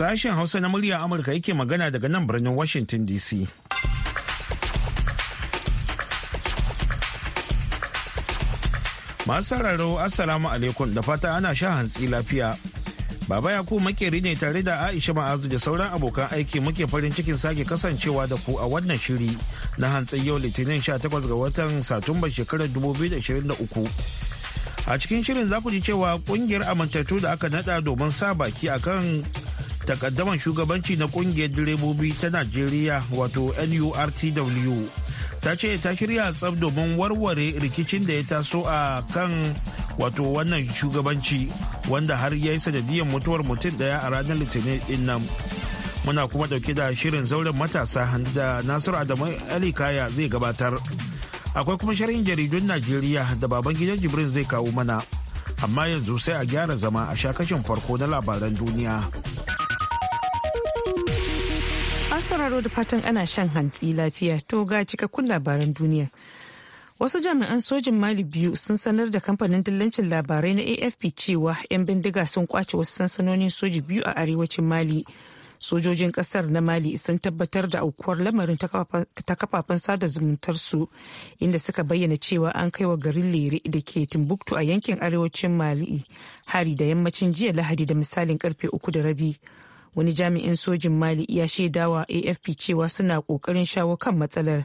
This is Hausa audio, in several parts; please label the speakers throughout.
Speaker 1: Sashen Hausa na murya Amurka yake magana daga nan birnin Washington DC. Masu Assalamu alaikum da fata ana sha hantsi lafiya. Baba Yakubu makeri ne tare da Aisha Ma'azu da sauran abokan aiki muke farin cikin sake kasancewa da ku a wannan shiri na hantsi yau Litinin 18 ga watan Satumba shekarar 2023. a cikin shirin za ku ji cewa kungiyar amintattu da aka nada domin sa baki akan takaddaman shugabanci na kungiyar direbobi ta najeriya wato nurtw ta ce ta shirya tsab domin warware rikicin da ya taso a kan wato wannan shugabanci wanda har ya yi sanadiyar mutuwar mutum daya a ranar litinin din nan muna kuma dauke da shirin zauren matasa da nasiru adamu kaya zai gabatar akwai kuma sharhin jaridun najeriya da baban gidan jibrin zai kawo mana amma yanzu sai a gyara zama a shakashin farko na labaran
Speaker 2: duniya. sauraro da fatan ana shan hantsi lafiya to ga cikakkun labaran duniya. Wasu jami'an sojin Mali biyu sun sanar da kamfanin dillancin labarai na AFP cewa 'yan bindiga sun kwace wasu sansanonin soji biyu a arewacin Mali. Sojojin kasar na Mali sun tabbatar da aukuwar lamarin ta kafafen sada zumuntar su inda suka bayyana cewa an kai wa garin Lere da ke Timbuktu a yankin arewacin Mali hari da yammacin jiya Lahadi da misalin karfe uku da rabi. wani jami'in sojin mali ya shaidawa afp cewa suna kokarin shawo kan matsalar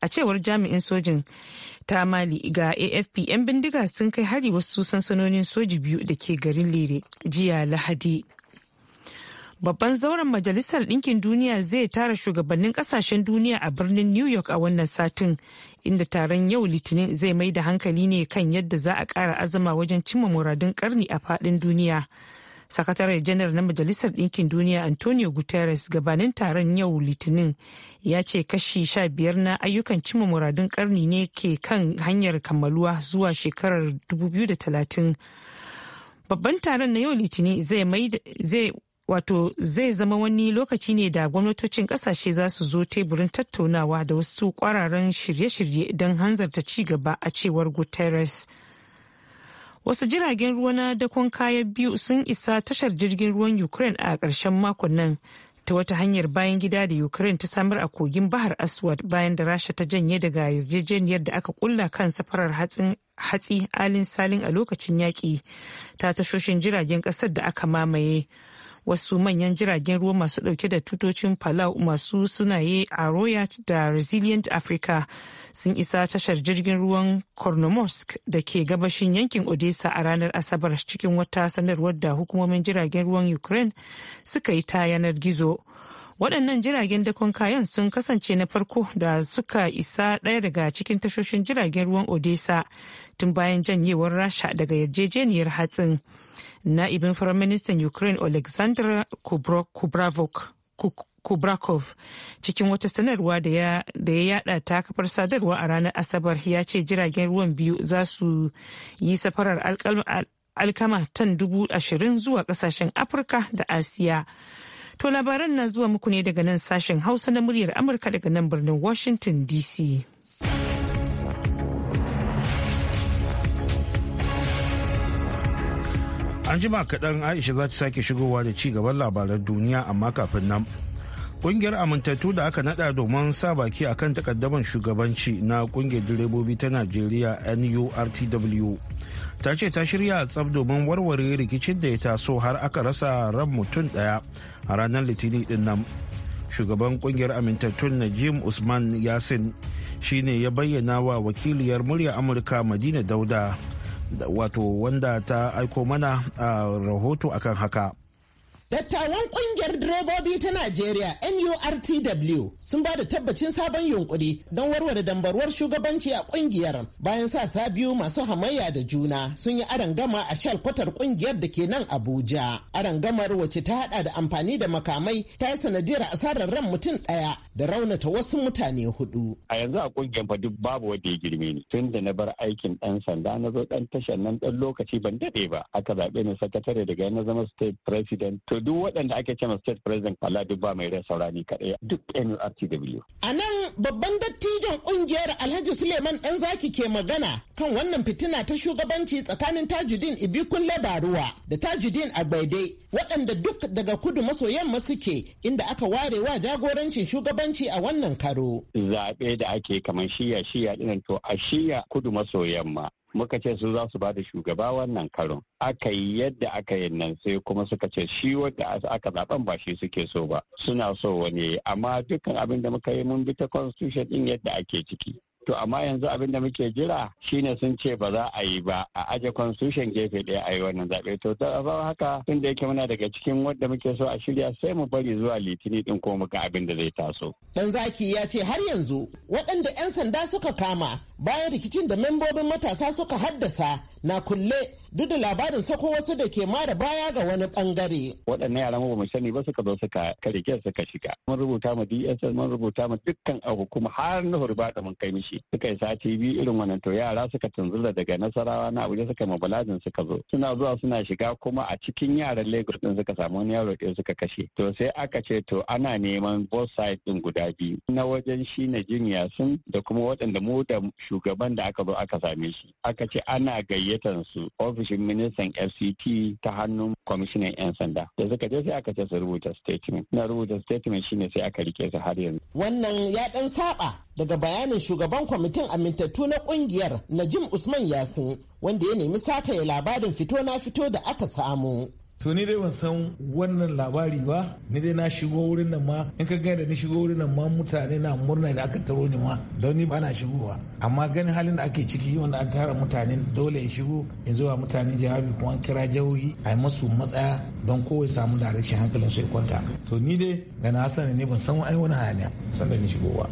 Speaker 2: a cewar jami'in sojin ta mali ga afp 'yan bindiga sun kai hari wasu sansanonin soji biyu da ke garin lere jiya lahadi babban zauren majalisar ɗinkin duniya zai tara shugabannin ƙasashen duniya a birnin new york a wannan satin inda taron yau litinin zai mai da hankali ne kan yadda za a ƙara azama wajen cimma muradun ƙarni a faɗin duniya. sakataren janar na majalisar ɗinkin duniya antonio guterres gabanin taron yau litinin ya ce kashi sha biyar na ayyukan cimma muradun karni ne ke kan hanyar kammaluwa zuwa shekarar 2030 babban taron na yau litinin zai wato zai zama wani lokaci ne da gwamnatocin kasashe za su zo teburin tattaunawa da wasu kwararan shirye-shirye don hanzarta ci gaba a cewar guterres wasu jiragen ruwa na dakon kayan biyu sun isa tashar jirgin ruwan ukraine a ƙarshen makon nan ta wata hanyar bayan gida da ukraine ta samar a kogin bahar aswad bayan da rasha ta janye daga yarjejeniyar da aka kulla kan safarar hatsi alin salin a lokacin yaƙi ta tashoshin jiragen ƙasar da aka mamaye wasu manyan jiragen ruwa masu dauke da tutocin palau masu sunaye a royat da resilient africa sun isa tashar jirgin ruwan kornomorsk da ke gabashin yankin odessa a ranar asabar cikin wata sanarwar da hukumomin jiragen ruwan ukraine suka yi ta yanar gizo waɗannan jiragen dakon kayan sun kasance na farko da suka isa ɗaya daga cikin tashoshin jiragen ruwan odessa tun bayan janyewar rasha daga yarjejeniyar hatsin na'ibin firaministan ukraine alexander kubrakov cikin wata sanarwa da ya yada ta kafar sadarwa a ranar asabar ya ce jiragen ruwan biyu za su yi safarar alkama tan dubu ashirin zuwa kasashen afirka da asiya To labaran na zuwa muku ne daga nan sashen Hausa na muryar Amurka daga nan birnin Washington DC.
Speaker 1: An jima kaɗan Aisha za ta sake shigowa da ci gaban labaran duniya amma kafin nan. kungiyar amintattu da aka nada domin sa baki a kan takaddaban shugabanci na kungiyar direbobi ta najeriya nurtw ta ce ta shirya tsab domin warware rikicin da ya taso har aka rasa ran mutum daya a ranar litinin din nan shugaban kungiyar amintattun najim usman yasin shine ya bayyana wa wakiliyar murya amurka madina dauda wato wanda ta aiko mana a rahoto akan haka
Speaker 3: Dattawan kungiyar direbobi ta Najeriya NURTW sun ba da tabbacin sabon yunkuri don warware dambarwar shugabanci a kungiyar bayan sa sabiyu masu hamayya da juna sun yi arangama a shalkwatar kungiyar da ke nan Abuja. Arangamar wacce ta hada da amfani da makamai ta yi sanadiyar asarar ran mutum daya da raunata wasu mutane hudu.
Speaker 4: A yanzu a kungiyar fa duk babu wanda ya girme ni tun da na bar aikin ɗan sanda na zo dan tashar nan ɗan lokaci ban dade ba aka zaɓe ni sakatare daga na zama state president duk waɗanda ake cewa state president kala ba mai rai saurani kaɗai duk nurtw
Speaker 3: a nan babban dattijan ƙungiyar alhaji suleiman ɗan zaki ke magana kan wannan fitina ta shugabanci tsakanin tajudin ibikun labaruwa da tajudin agbaide waɗanda duk daga kudu maso yamma suke inda aka ware wa jagorancin shugabanci a wannan karo
Speaker 4: zaɓe da ake kamar shiya shiya ɗinan to a shiya kudu maso yamma muka ce su za su ba da shugaba wannan karon aka yi yadda aka yi nan sai kuma suka ce shi wanda aka zaben ba shi suke so ba suna so wani amma dukkan abin da muka yi mun bi ta constitution din yadda ake ciki To amma yanzu abin da muke jira shine sun ce ba za a yi ba a aje constitution gefe ɗaya a yi wannan zaɓe. To da haka tun da yake muna daga cikin wanda muke so a shirya sai mu bari zuwa litini din ko muka abin da zai taso.
Speaker 3: Dan zaki ya ce har yanzu waɗanda 'yan sanda suka kama bayan rikicin da membobin matasa suka haddasa na kulle duk da labarin sako wasu da ke mara baya ga wani bangare.
Speaker 4: Waɗannan yaran ba mu sani ba suka zo suka karike suka shiga. Mun rubuta ma DSS mun rubuta mu dukkan abu kuma har na hurba da mun kai mishi. suka yi sati biyu irin wannan to yara suka tunzura daga nasarawa na abuja suka mabalajin suka zo suna zuwa suna shiga kuma a cikin yaran lagos din suka samu wani yaro ɗaya suka kashe to sai aka ce to ana neman both side din guda biyu na wajen shi na jin yasin da kuma waɗanda mu da shugaban da aka zo aka same shi aka ce ana gayyatan su ofishin ministan fct ta hannun kwamishinan yan sanda da suka je sai aka ce su rubuta statement na rubuta statement shine sai aka rike su har yanzu
Speaker 3: wannan ya dan saba daga bayanin shugaban shugaban kwamitin amintattu na kungiyar Najim Usman Yasin wanda ya nemi ya labarin fito na fito da aka samu.
Speaker 5: to ni dai ban san wannan labari ba ni dai na shigo wurin nan ma in ka gani da ni shigo wurin nan ma mutane na murna da aka taro ni ma don ni ba na shigowa amma ganin halin da ake ciki wanda an tara mutane dole in shigo in zuwa mutane jawabi kuma an kira jihohi a yi masu matsaya don kowai samu da rashin hankalin su kwanta to ni dai ga na hasana ne ban san ai wani hanya san da ni
Speaker 3: shigowa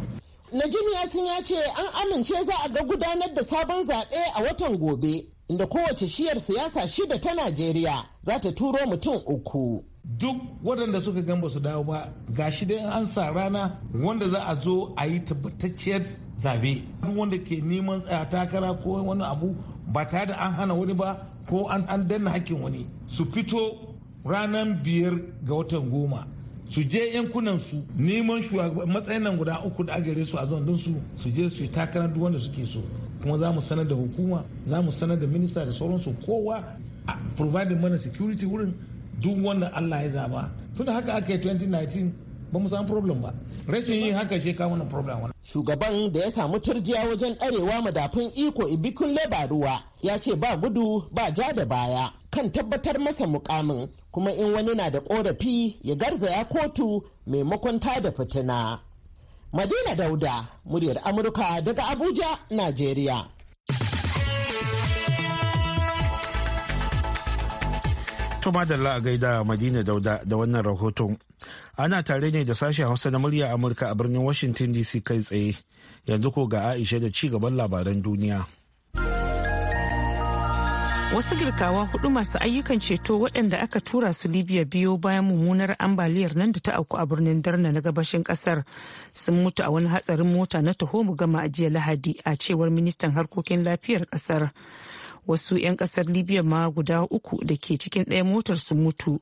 Speaker 3: ya sun ya ce an amince za a ga gudanar da sabon zaɓe a watan gobe inda kowace shiyar siyasa shida ta Najeriya za ta turo mutum uku.
Speaker 5: Duk waɗanda suka gan ba su dawo ba ga shi dai an sa rana wanda za a zo a yi tabbatacciyar zabe. Duk wanda ke neman tsaya takara ko wani abu ba tare da an hana wani ba ko an danna hakkin wani su fito ranar biyar ga watan goma su je yankunan su neman matsayin nan guda uku da agare su a zandun su su je su yi takara duk wanda suke so kuma za mu sanar da hukuma za mu sanar da minista da sauransu kowa a providing mana security wurin duk wanda Allah ya zaba tun da haka aka yi 2019 ba mu samu problem ba rashin yin haka shi kawo wannan problem wani.
Speaker 3: shugaban da ya samu turjiya wajen ɗarewa madafin iko ibikun labaruwa ya ce ba gudu ba ja da baya kan tabbatar masa mukamin kuma in wani na da ƙorafi ya garzaya kotu maimakon ta da fitina. Madina Dauda, muryar Amurka daga Abuja, Najeriya. To
Speaker 1: madalla a gaida Madina Dauda da wannan rahoton. Ana tare ne da sashen Hausa na murya Amurka a birnin Washington DC kai tsaye. Yanzu ko ga Aisha da ci gaban labaran duniya.
Speaker 2: wasu girkawa hudu masu ayyukan ceto waɗanda aka tura su libya biyo bayan mummunar ambaliyar nan da ta auku a birnin darna na gabashin kasar sun mutu a wani hatsarin mota na taho mu gama a lahadi a cewar ministan harkokin lafiyar kasar wasu 'yan kasar libya ma guda uku da ke cikin ɗaya motar sun mutu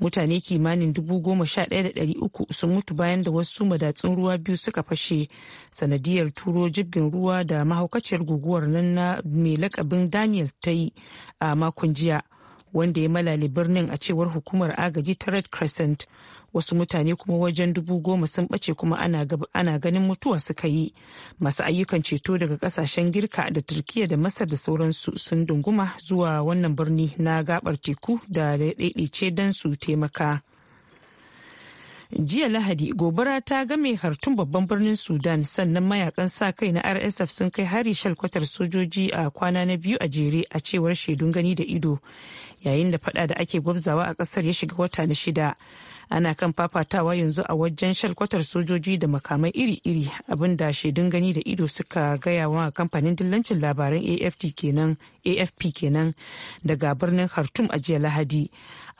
Speaker 2: mutane kimanin dubu goma sha ɗaya da ɗari uku sun mutu bayan da wasu madatsun ruwa biyu suka fashe sanadiyar turo jirgin ruwa da mahaukaciyar guguwar nan na mai lakabin daniel ta yi a makon jiya wanda ya malali birnin a cewar hukumar agaji ta red crescent wasu mutane kuma wajen dubu goma sun bace kuma ana ganin mutuwa suka yi masu ayyukan ceto daga kasashen girka da turkiya da masar da sauransu sun dunguma zuwa wannan birni na gabar teku da daidaice don su taimaka jiya lahadi gobara ta game hartun babban birnin sudan sannan mayakan sa kai na rsf sun kai hari shalkwatar sojoji a kwana na biyu a jere a cewar shaidun gani da ido yayin da fada da ake gwabzawa a kasar ya shiga wata na shida ana kan fafatawa yanzu a wajen shalkwatar sojoji da makamai iri-iri abinda shaidun gani da ido suka gaya wa kamfanin dillancin labaran afp kenan daga birnin hartum a jiya lahadi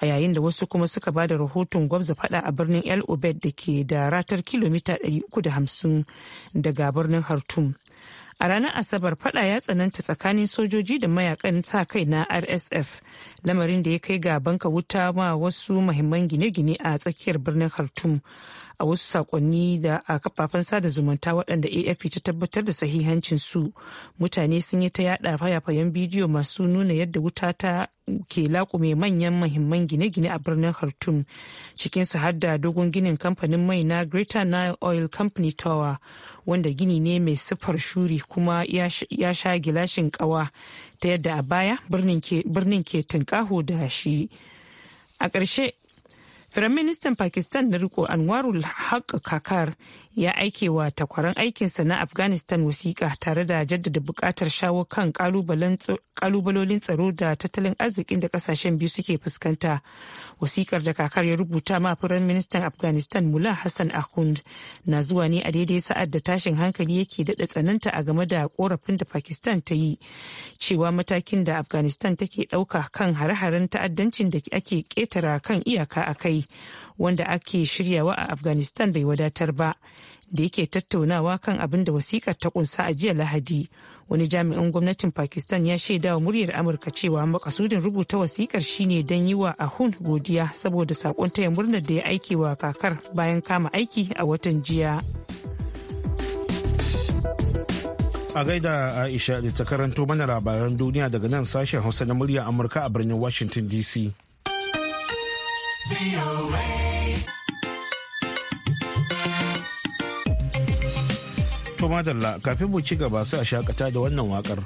Speaker 2: a yayin da wasu kuma suka ba da rahoton gwabza fada a birnin el obed da ke da ratar kilomita 350 daga birnin hartum a ranar asabar fada ya tsananta tsakanin sojoji da mayakan sa kai na rsf lamarin da ya kai ga banka wuta ma wasu mahimman gine-gine a tsakiyar birnin khartoum a wasu sakonni da a kafafen sada zumunta waɗanda afp ta tabbatar da sahihancin su mutane sun yi ta yada fayafayen bidiyo masu nuna yadda wuta ta ke laƙume manyan mahimman gine-gine a birnin khartoum su har da dogon ginin kamfanin mai na greater nile oil company tower wanda gini ne mai siffar shuri kuma ya sha gilashin kawa ta yadda a baya birnin ke tunƙaho da shi a ƙarshe Firaministan Pakistan na riko Anwarul Haq Kakar ya aike wa takwaran aikinsa na Afghanistan wasiƙa tare da jaddada buƙatar shawo kan ƙalubalolin tsaro da tattalin arzikin da ƙasashen biyu suke fuskanta. Wasiƙar da Kakar ya rubuta ma Firaministan Afghanistan Mula Hassan Akhund na zuwa ne a daidai sa'ad da tashin hankali yake daɗa tsananta a game da ƙorafin da Pakistan ta yi cewa matakin da Afghanistan take ɗauka kan hare-haren ta'addancin da ake ƙetara kan iyaka a kai. wanda ake shiryawa a afghanistan bai wadatar ba da yake tattaunawa kan abin da wasikar ta kunsa a jiya lahadi wani jami'in gwamnatin pakistan ya shaida wa muryar amurka cewa makasudin rubuta wasikar shine don yi wa ahun godiya saboda sakon taya murnar da ya aiki wa kakar bayan kama aiki a watan jiya
Speaker 1: a gaida aisha da ta karanto mana labaran duniya daga nan sashen hausa na murya amurka a birnin washington dc To madalla kafin mu ci gaba sai a shakata da wannan wakar.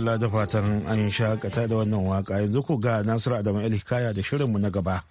Speaker 1: madalla da fatan an shakata da wannan waka yanzu ku ga nasiru adamu kaya da shirinmu na gaba.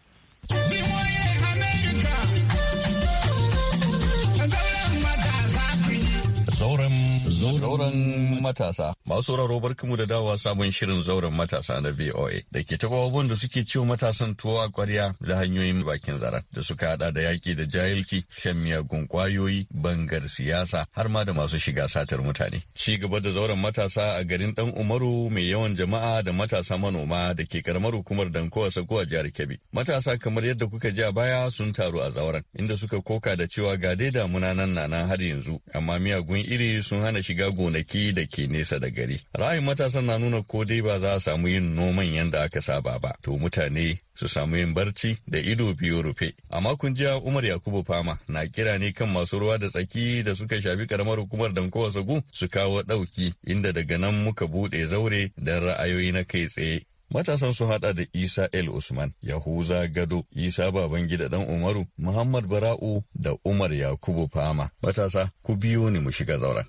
Speaker 6: Zauren matasa. Masu sauraro barkamu da dawa sabon shirin zauren matasa na VOA da ke taɓa abubuwan da suke ciwo matasan tuwa kwarya da hanyoyin bakin zara da suka hada da yaƙi da jahilci, shan miyagun kwayoyi, bangar siyasa har ma da masu shiga satar mutane. Ci gaba da zauren matasa a garin Dan Umaru mai yawan jama'a da matasa manoma da ke karamar hukumar Dankowa Sako a jihar Kebbi. Matasa kamar yadda kuka ji a baya sun taru a zauren inda suka koka da cewa ga dai damuna nan na har yanzu amma miyagun iri sun hana shiga gonaki da ke nesa daga gari. Ra'ayin matasan na nuna ko dai ba za a samu yin noman yadda aka saba ba. To mutane su samu yin barci da ido biyu rufe. A makon jiya Umar Yakubu Fama na kira ne kan masu ruwa da tsaki da suka shafi karamar hukumar Dankowa Sagu su kawo ɗauki inda daga nan muka buɗe zaure don ra'ayoyi na kai tsaye. Matasan sun hada da Isa El Usman, Yahuza Gado, Isa Babangida Dan Umaru, Muhammad Bara'u da Umar Yakubu Fama. Matasa, ku biyo ni mu shiga zauren.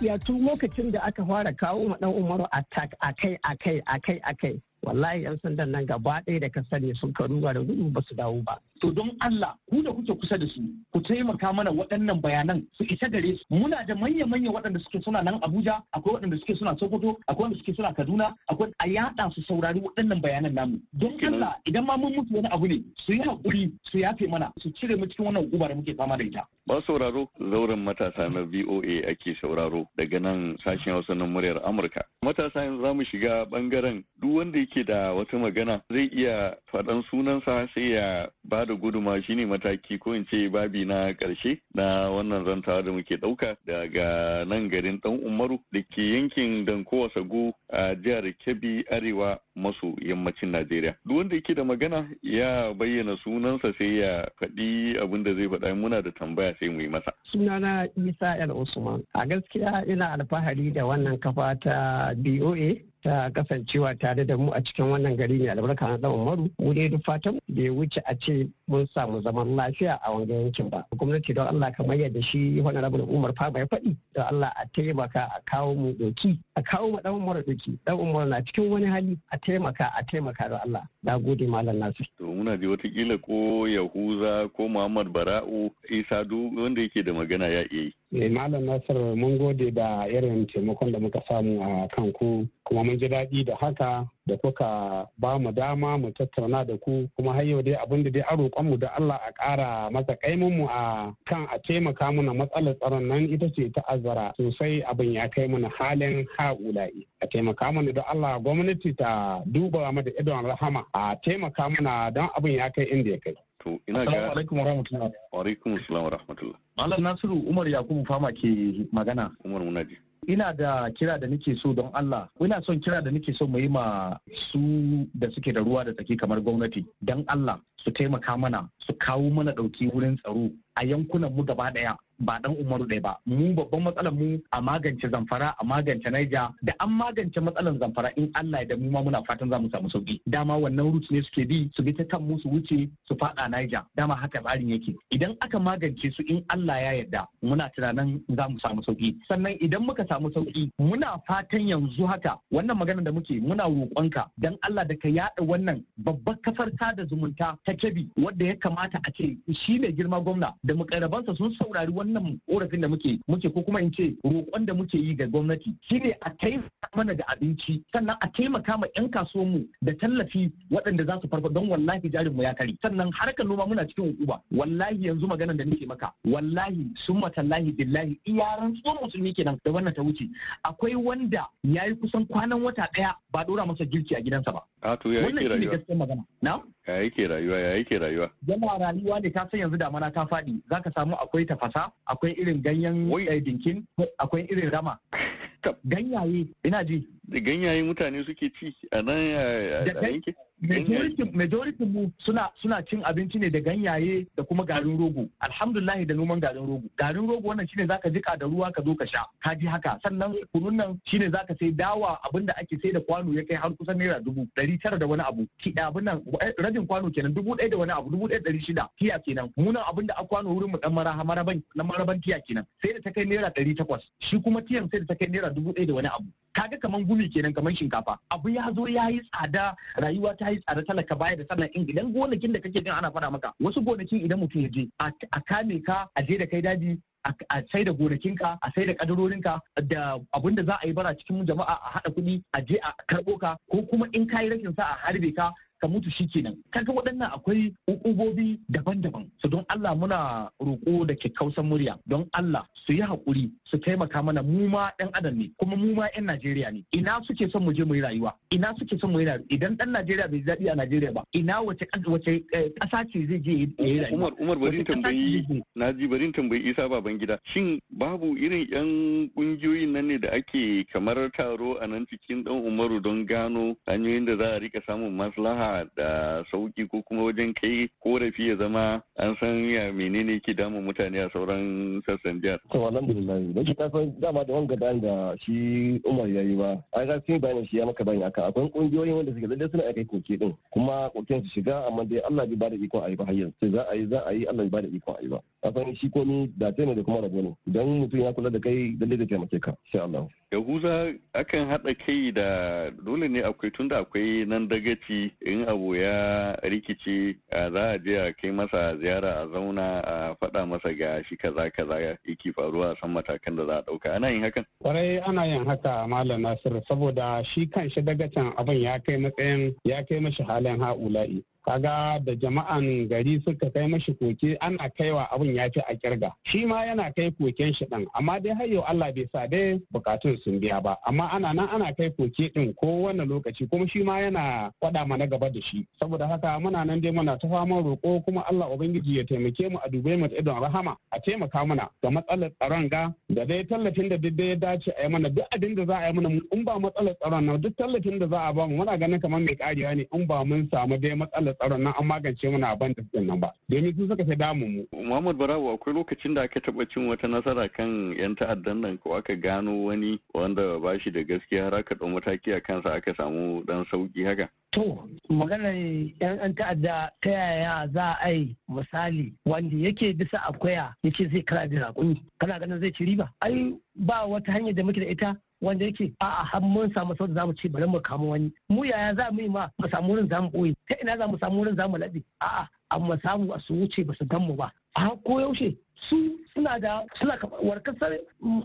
Speaker 7: gaskiya tun lokacin da aka fara kawo ma dan umaru kai a kai a kai. wallahi yan sandan nan gaba ɗaya
Speaker 8: da ka sani sun karuwa da gudu ba su dawo ba to don Allah ku da kuke kusa da su ku taimaka mana waɗannan bayanan su isa gare su muna da manya-manya waɗanda suke suna nan Abuja akwai waɗanda suke suna Sokoto akwai waɗanda suke suna Kaduna akwai a yaɗa su saurari waɗannan bayanan namu don Allah idan ma mun mutu wani abu ne su yi haƙuri su yafe mana su cire mu cikin wannan guba da muke fama da ita
Speaker 6: ba sauraro zauren matasa na VOA ake sauraro daga nan sashen Hausa na muryar Amurka matasa yanzu mu shiga ɓangaren duk wanda yake yake da wata magana zai iya faɗan sunansa sai ya ba da guduma shine mataki ko in ce babi na ƙarshe na wannan zantawa da muke ɗauka daga nan garin ɗan umaru da ke yankin dankowa sago a jihar kebbi arewa maso yammacin Najeriya. Duk wanda yake da magana ya bayyana sunansa sai ya faɗi abin da zai faɗa muna da tambaya sai mu yi masa.
Speaker 7: Sunana Isa El Usman. A gaskiya ina alfahari da wannan kafa ta BOA ta kasancewa tare da mu a cikin wannan gari mai albarka na zaman maru mu dai duk fatan bai wuce a ce mun samu zaman lafiya a wanga yankin ba gwamnati don Allah kamar yadda shi wani rabin umar fa ya faɗi don Allah a taimaka a kawo mu doki a kawo ma ɗan umar doki ɗan umar na cikin wani hali a taimaka a taimaka da Allah da gode malam nasu.
Speaker 6: to muna ji watakila ko yahuza ko muhammad bara'u isa duk wanda yake da magana ya iya yi
Speaker 9: Eh, Malam Nasir mun gode da irin taimakon da muka samu a kan ku kuma mun ji daɗi da haka da kuka ba mu dama mu tattauna da ku kuma har yau dai abin da dai a mu da Allah a ƙara masa kaimin mu a kan a taimaka mana matsalar tsaron nan ita ce ta azara sosai abin ya kai mana halin ha'ula'i a taimaka mana da Allah gwamnati ta duba mu da idon rahama a taimaka mana don abin ya kai inda ya kai.
Speaker 6: To ina ga alaikum Wa rahmatullah.
Speaker 8: Malam Nasiru Umar Yakubu Fama ke magana. Umar Munaji. ina da kira da nake so don Allah ina son kira da nake so mu yi ma su da suke da ruwa da tsaki kamar gwamnati don Allah su taimaka mana su kawo mana ɗauki wurin tsaro a yankunan mu gaba ɗaya ba dan umaru ɗaya ba mu babban matsalar mu a magance zamfara a magance naija da an magance matsalar zamfara in allah da mu ma muna fatan za mu samu sauki dama wannan rut ne suke bi su bi ta kan mu su wuce su faɗa naija dama haka tsarin yake idan aka magance su in allah ya yarda muna tunanin za mu samu sauki sannan idan muka samu sauki muna fatan yanzu haka wannan magana da muke muna roƙonka dan allah da ka yaɗa wannan babbar kafar sada zumunta ta kebi wadda ya kamata a ce shi ne girma gwamna da mukarabansa sun saurari wannan korafin da muke muke ko kuma in ce roƙon da muke yi ga gwamnati shine a taimaka mana da abinci sannan a taimaka ma 'yan kasuwanmu da tallafi waɗanda za su farfa don wallahi mu ya kare sannan harkar noma muna cikin hukuma wallahi yanzu maganar da nake maka wallahi sun matallahi billahi iyaran tsohon musulmi kenan da wannan ta wuce akwai wanda ya yi kusan kwanan wata ɗaya ba ɗora masa girki a gidansa ba.
Speaker 6: Wannan shi ne gaskiyar magana. Na'am? ya yake rayuwa ya yake rayuwa
Speaker 8: jama'a rayuwa ne ta san yanzu damana ta faɗi zaka samu akwai tafasa akwai irin ganyen eh, dinkin akwai irin rama ganyaye
Speaker 6: ina ji ganyaye mutane suke ci a nan a yankin majoritin
Speaker 8: mu suna suna cin abinci ne da ganyaye da kuma garin rogo alhamdulillah da noman garin rogo garin rogo wannan shine zaka jika da ruwa ka zo ka sha ka ji haka sannan kunun nan shine zaka sai dawa abinda ake sai da kwano ya kai har kusan naira dubu ɗari tara da wani abu ki abin nan eh, rabin kwano kenan dubu ɗaya da wani abu dubu ɗaya ɗari shida tiya kenan munan abinda a kwano wurin mu dan maraha maraban na maraban tiya kenan sai da ta kai naira ɗari takwas shi kuma tiyan sai da ta kai naira dubu ɗaya da wani abu kaga kaman gumi kenan kaman shinkafa abu ya zo ya yi tsada rayuwa ta yi tsada talaka baya da sannan in idan gonakin da kake jin ana fara maka wasu gonakin idan mutum ya je a kame ka a je da kai daji a sai da gonakinka a sai da kadarorinka da abin da za a yi bara cikin jama'a a haɗa kuɗi a je a karɓo ka ko kuma in ka yi rashin sa a harbe ka ka mutu shikenan kaga waɗannan akwai ukubobi daban-daban su don Allah muna roƙo da kyakkyawar murya don Allah su yi haƙuri su taimaka mana mu ma ɗan adam ne kuma mu ma 'yan Najeriya ne ina suke son mu je mu yi rayuwa ina suke son mu yi rayuwa idan ɗan Najeriya bai daɗi a Najeriya ba ina wace wace eh, ƙasa ce zai je ya yi rayuwa Umar Umar bari tambayi
Speaker 6: na ji bari tambayi Isa gida shin babu irin ƴan ƙungiyoyin nan ne da ake kamar taro a nan cikin ɗan Umaru don gano hanyoyin da za a rika samun maslaha da sauki ko kuma wajen kai korafi ya zama an san ya menene ke damun mutane a sauran sassan jihar. To alhamdulillah
Speaker 4: da shi kasan dama da wanga da da shi Umar ya ba a ga sun bayanin shi ya maka bayan aka akwai kungiyoyin wanda suke lalle suna aika koke din kuma koken su shiga amma dai Allah bai bada ikon a yi ba har yanzu za a yi za a yi Allah bai bada ikon a yi ba. san shi ko ni da ne da kuma rabo ne idan mutum ya kula da kai lalle da taimake ka insha Allah.
Speaker 6: yahuza akan haɗa kai da dole ne akwai tun da akwai nan dagaci in abu ya rikice za a je a kai masa ziyara a zauna a faɗa masa ga shi kaza kaza yake faruwa san matakan da za a ɗauka ana yin hakan
Speaker 9: kwarai ana yin haka malam nasir saboda shi kan shi dagacin abin ya kai matsayin ya kai mashi halin ha'ula'i kaga da jama'an gari suka kai mashi koke ana kaiwa abin ya fi a kirga shi ma yana kai koken shi din amma dai har yau Allah bai sa dai bukatun sun biya ba amma ana nan ana kai koke din ko wani lokaci kuma shi ma yana ma mana gaba da shi saboda haka muna nan dai muna ta faman roƙo kuma Allah ubangiji ya taimake mu a dube mu idon rahama a taimaka mana ga matsalar tsaron ga da dai tallafin da duk ya dace a yi mana duk abin da za a yi mana in ba matsalar tsaron nan duk tallafin da za a ba mu muna ganin kamar mai kariya ne in ba mun samu dai matsalar tsaron nan an magance mana ban da suke nan ba domin su suka fi damu
Speaker 6: mu. Muhammad Barawo akwai lokacin da aka taɓa cin wata nasara kan 'yan ta'addan nan ko aka gano wani wanda ba shi da gaskiya har aka ɗau mataki a kansa aka samu ɗan sauki haka.
Speaker 7: To, maganar 'yan ta'adda ta yaya za a yi misali wanda yake bisa akwaya yake zai kara da raƙumi kana ganin zai ci riba. Ai ba wata hanyar da muke da ita wanda yake a'a har mun samu sau da zamu ce bari mu kama wani mu yaya za mu yi ma mu samu wurin zamu boye ta ina za mu samu wurin zamu laɗe a'a amma samu a su wuce ba su gan mu ba a ko yaushe su suna da suna warkasar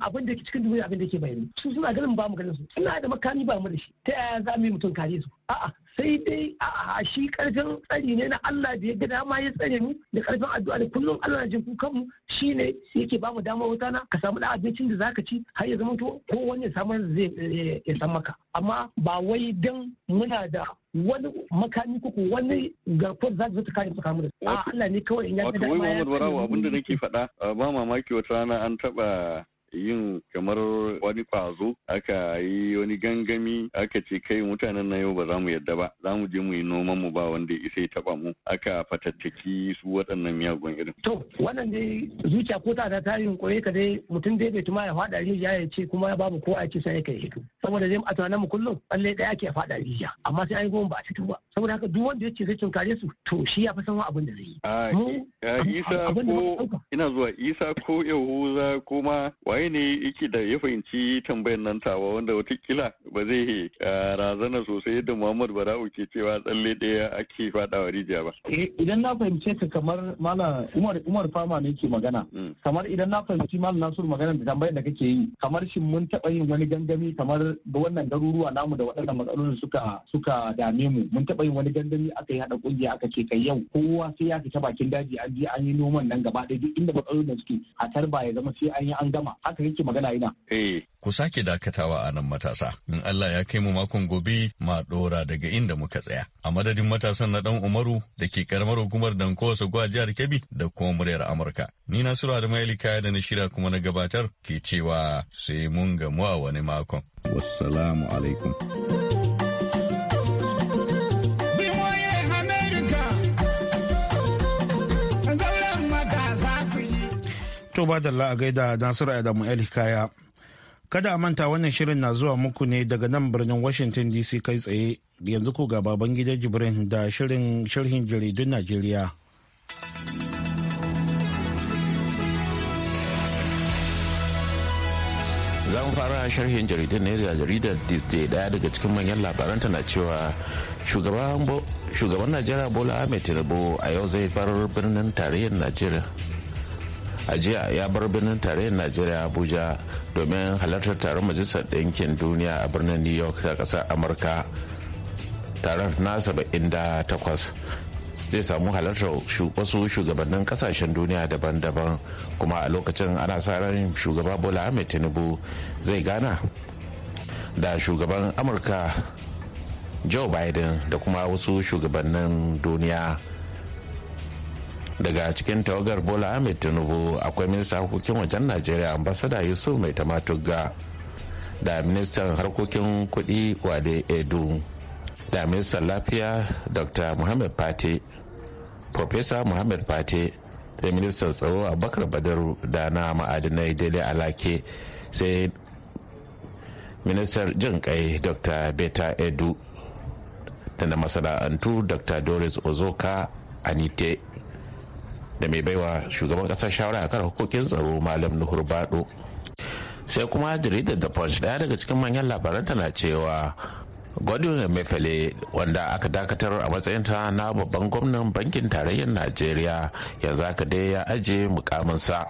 Speaker 7: abin da ke cikin duniya abin da ke bayani su suna ganin ba mu ganin su suna da makami ba mu da shi ta yaya za mu yi mutum kare su a'a sai dai a shi karfin tsari ne na Allah da ya ga dama ya tsare mu da karfin addu'a da kullum Allah na jin kukan mu shine yake ba mu damar wuta na ka samu da abincin da zaka ci har ya zama to ko wani ya samu zai eh, ya san maka amma ba wai dan muna da wani makami kuku wani garkuwar za ta kare su kamu da su. Allah ne kawai in ya ga dama ya tsare mu. Wato wai Muhammad Barawa abinda
Speaker 6: nake faɗa ba mamaki wata rana an taɓa yin kamar wani kwazo aka yi wani gangami aka ce kai mutanen na yau ba za mu yadda ba za mu je mu yi noman mu ba wanda isa ya taba mu aka fatattaki su waɗannan miyagun irin. To wannan dai
Speaker 7: zuciya ko ta ta yi koyi ka dai mutum dai bai tuma ya faɗa rijiya ya ce kuma ya babu ko a ce sai kai hito saboda dai a tunanin mu kullum balle ɗaya ke faɗa rijiya amma sai an yi goma ba a fito ba saboda haka duk wanda ya ce zai tunkare su to shi ya fi san abin da
Speaker 6: zai yi. Isa ko ina zuwa Isa ko Yahuza ko ma waye ne yake da ya fahimci tambayar nan tawa wanda watakila ba zai eh, razana sosai yadda Muhammad Barau ke cewa tsalle daya ake wa rijiya ba.
Speaker 8: Eh, idan na fahimce ka kamar mana Umar Umar Fama ne ke magana. Hmm. Kamar idan na fahimci mana Nasiru magana da tambayar da kake yi kamar shin mun taɓa yin wani gangami kamar da wannan garuruwa namu da waɗannan matsalolin suka suka dame mu mun taɓa yin wani gangami aka yi haɗa ƙungiya aka ce kai yau kowa sai ya fita bakin daji an je an yi noman nan gaba ɗaya duk inda matsalolin suke a tarba ya zama sai an yi an gama aka yanke magana ina.
Speaker 6: Eh. Ku sake dakatawa a nan matasa. In Allah ya kai mu makon gobe ma ɗora daga inda muka tsaya. A madadin matasan na ɗan Umaru da ke karamar hukumar Dankosa Gwa jihar Kebbi da kuma muryar Amurka. Ni na Sura da Maili Kaya da na shirya kuma na gabatar ke cewa sai mun gamu a wani makon. Wassalamu alaikum.
Speaker 1: To ba da la'agaida Nasiru Adamu El Kada a manta wannan shirin na zuwa muku ne daga nan birnin Washington DC kai tsaye yanzu ko ga baban gidan Jibrin da shirin sharhin jaridun Najeriya.
Speaker 10: za mu fara sharhin jaridun ne da jaridar disney daya daga cikin manyan labaran na cewa shugaban najeriya bola ahmed tinubu a yau zai farar birnin tarayyar najeriya a jiya ya bar birnin tarayyar najeriya abuja domin halartar taron majalisar ɗinkin duniya a birnin new york da ƙasar amurka taron na 78 zai samu halartar wasu shugabannin ƙasashen duniya daban-daban kuma a lokacin ana sa ran shugaba bola ahmed tinubu zai gana da shugaban amurka joe biden da kuma wasu shugabannin duniya daga cikin tawagar bola ahmed tinubu akwai minista harkokin wajen najeriya ambasada yusuf mai tamatuga da ministan harkokin kudi wade edu da ministan lafiya dr muhammad pate professor muhammad pate da ministan tsaro abubakar badaru da na ma'adinai daidai alake sai ministan jin kai dr beta edu da na masana'antu dr doris ozoka anite da mai baiwa shugaban kasar shawara kan hukokin tsaro malam nuhur bado sai kuma jaridar da punch daya daga cikin manyan labaranta na cewa godwin emefele wanda aka dakatar a matsayinta na babban gwamnan bankin tarayyar najeriya yanzu aka dai ya ajiye mukaminsa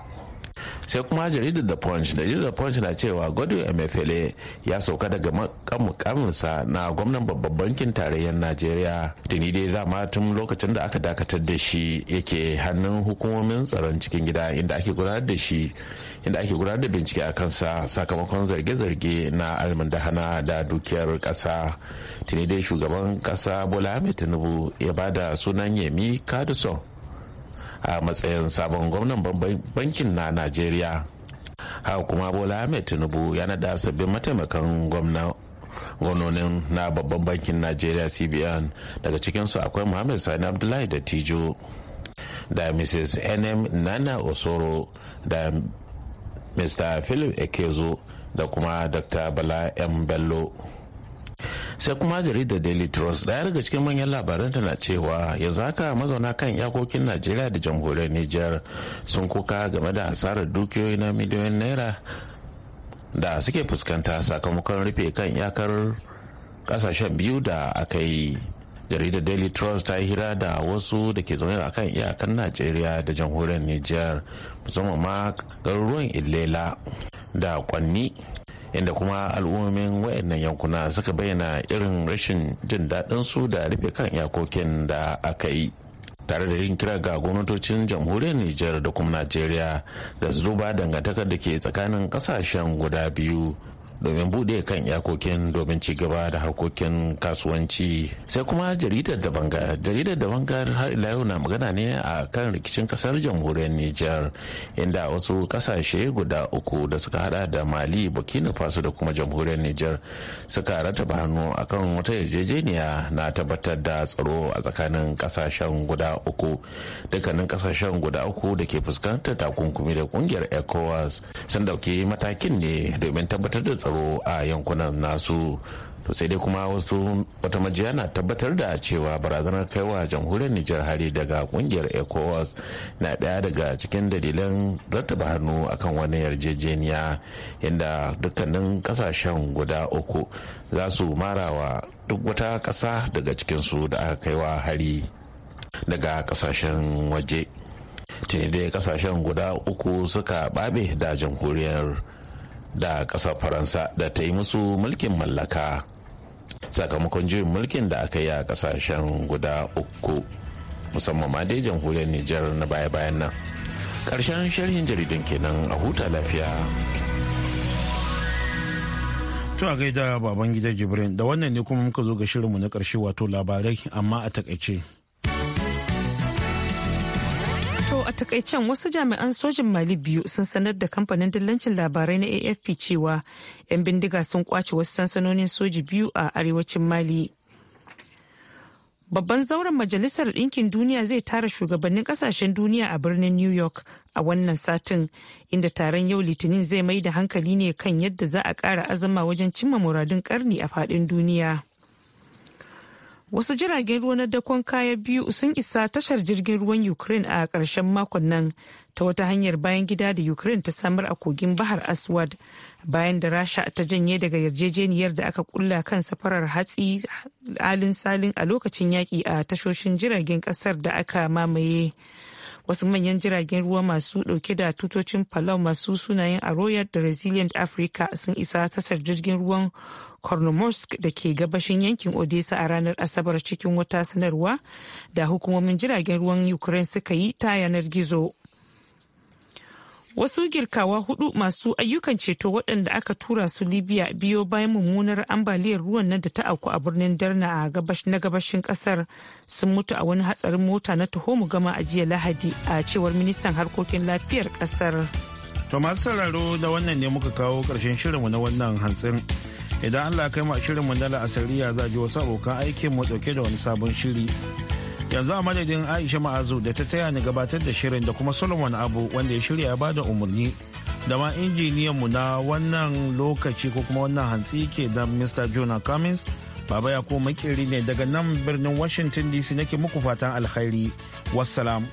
Speaker 10: sai kuma jaridar da punch jaridar punch na cewa godwin emefiele ya sauka daga mukaminsa na gwamnan babban bankin tarayyar najeriya tuni dai dama tun lokacin da aka dakatar da shi yake hannun hukumomin tsaron cikin gida inda ake gudanar da shi inda ake gudanar da bincike a kansa sakamakon zarge-zarge na almundahana da dukiyar kasa tuni dai shugaban kasa bola tinubu ya bada sunan yemi kadison. a matsayin sabon gwamnan bankin na najeriya haka kuma bola ahmed tinubu ya nada sabbin mataimakan gwamna gwamnonin na babban bankin najeriya cbn daga cikinsu akwai muhammad sani abdullahi da tijo da mrs nm nana osoro da mr philip ekezo da kuma dr bala m bello sai kuma jaridar daily trust daya daga cikin manyan labaran tana cewa yanzu haka mazauna kan iyakokin najeriya da jamhuriyar niger sun kuka game da hasarar dukiyoyi na miliyoyin naira da suke fuskanta sakamakon rufe kan iyakar kasashen biyu da aka yi jaridar daily trust ta hira da wasu da ke zaune a kan iyakan najeriya da jamhuriyar niger musamman ma garuruwan ilela da kwanni inda kuma al'ummomin wayannan yankuna suka bayyana irin rashin jin daɗin su da rufe kan iyakokin da aka yi tare da yin kira ga gwamnatocin jamhuriyar Nijar da kuma Najeriya da su duba dangantakar da ke tsakanin ƙasashen guda biyu domin buɗe kan iyakokin domin ci gaba da harkokin kasuwanci sai kuma jaridar da bangar jaridar da bangar har ila yau na magana ne a kan rikicin kasar jamhuriyar niger inda wasu kasashe guda uku da suka hada da mali burkina faso da kuma jamhuriyar niger suka rataba hannu akan wata yarjejeniya na tabbatar da tsaro a tsakanin kasashen guda uku dukkanin kasashen guda uku da ke fuskantar takunkumi da kungiyar ecowas sun dauki matakin ne domin tabbatar da tsaro tsaro a yankunan nasu to sai dai kuma wasu wata majiya na tabbatar da cewa barazanar kaiwa jamhuriyar nijar hari daga kungiyar ecowas na daya daga cikin dalilan rattaba hannu akan wani yarjejeniya inda dukkanin kasashen guda uku za su marawa duk wata kasa daga cikinsu da aka kaiwa hari daga kasashen waje tuni dai kasashen guda uku suka babe da jamhuriyar da ƙasar faransa da ta yi musu mulkin mallaka sakamakon juyin mulkin da aka yi a ƙasashen guda uku musamman ma dai jamhuriyar nijar na baya-bayan nan ƙarshen sharhin jaridun kenan a huta lafiya to a gaida baban
Speaker 1: gidan jibrin da wannan ne kuma muka zo ga shirinmu na karshe wato labarai amma a takaice
Speaker 2: a takaicen wasu jami'an sojin mali biyu sun sanar da kamfanin dillancin labarai na afp cewa 'yan bindiga sun kwace wasu sansanonin soji biyu a arewacin mali babban zauren majalisar ɗinkin duniya zai tara shugabannin kasashen duniya a birnin new york a wannan satin inda taron yau litinin zai mai da hankali ne kan yadda za a ƙara azama wajen cimma muradun ƙarni a faɗin duniya. wasu jiragen ruwa na dakon kaya biyu sun isa tashar jirgin ruwan ukraine a ƙarshen makon nan ta wata hanyar bayan gida da ukraine ta samar a kogin bahar aswad bayan da rasha ta janye daga yarjejeniyar da aka kulla kan safarar hatsi halin salin a lokacin yaƙi a tashoshin jiragen ƙasar da aka mamaye wasu manyan jiragen ruwa masu dauke da tutocin palau masu sunayen royal da resilient africa sun isa tashar jirgin ruwan Kornomorsk da ke gabashin yankin Odessa a ranar Asabar cikin wata sanarwa da hukumomin jiragen ruwan Ukraine suka yi ta yanar gizo. Wasu girkawa hudu masu ayyukan ceto waɗanda aka tura su Libya biyo bayan mummunar ambaliyar ruwan nan da ta auku a birnin Darna a na gabashin ƙasar sun mutu a wani hatsarin mota na mu gama a jiya Lahadi a cewar ministan harkokin lafiyar ƙasar.
Speaker 1: To masu sauraro da wannan ne muka kawo ƙarshen shirinmu na wannan hantsin. idan allah kai mu shirin mu na la'asariya za ji wasu abokan aikin mu dauke da wani sabon shiri yanzu a madadin aisha ma'azu da ta taya ni gabatar da shirin da kuma solomon abu wanda ya shirya ba da umarni da ma injiniyan mu na wannan lokaci ko kuma wannan hantsi ke da mr jonah cummins baba ya ko makeri ne daga nan birnin washington dc nake muku fatan alkhairi wassalam